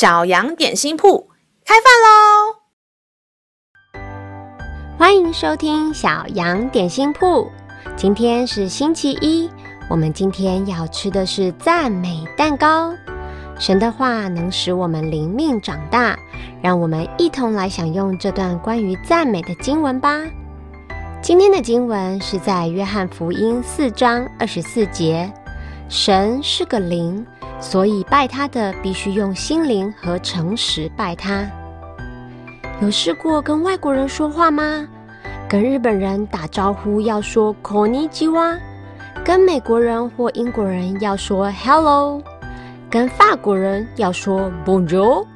小羊點心鋪開飯嘍！歡迎收聽小羊點心鋪。今天是星期一，我們今天要吃的是讚美蛋糕。神的話能使我們靈命長大，讓我們一同來享用這段關於讚美的經文吧。今天的經文是在約翰福音四章二十四節：“神是個靈。”所以，拜他的必須用心靈和誠實拜他。有試過跟外國人說話嗎？跟日本人打招呼要說「こんにちは」，跟美國人或英國人要說 “hello”，跟法國人要說 “bonjour”。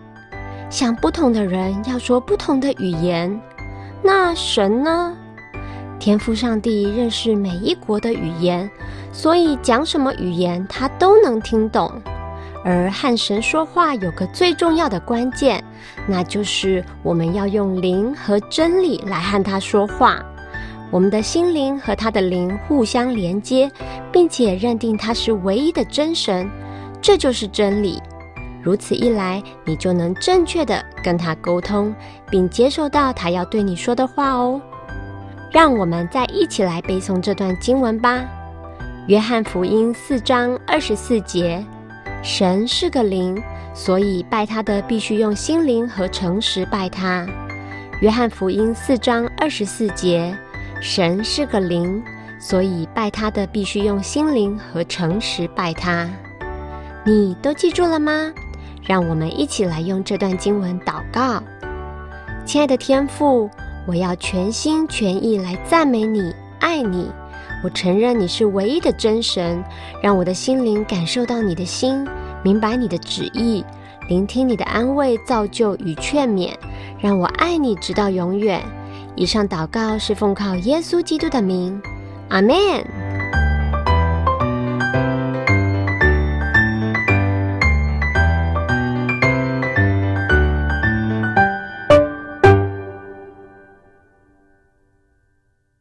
向不同的人要說不同的語言，那神呢？天父上帝認識每一國的語言，所以講什麼語言他都能聽懂。而和神說話有個最重要的關鍵，那就是我們要用靈和真理來和他說話。我們的心靈和他的靈互相連接，並且認定他是唯一的真神，這就是真理。如此一來，你就能正確地跟他溝通，並接受到他要對你說的話哦。讓我們再一起來背誦這段經文吧，《約翰福音》四章二十四節。神是個靈，所以拜他的必須用心靈和誠實拜他。約翰福音四章二十四節，神是個靈，所以拜他的必須用心靈和誠實拜他。你都記住了嗎？讓我們一起來用這段經文禱告。親愛的天父，我要全心全意來讚美你，愛你。我承認你是唯一的真神，讓我的心靈感受到你的心，明白你的旨意，聆聽你的安慰、造就與勸勉，讓我愛你直到永遠。以上禱告是奉靠耶穌基督的名，阿門。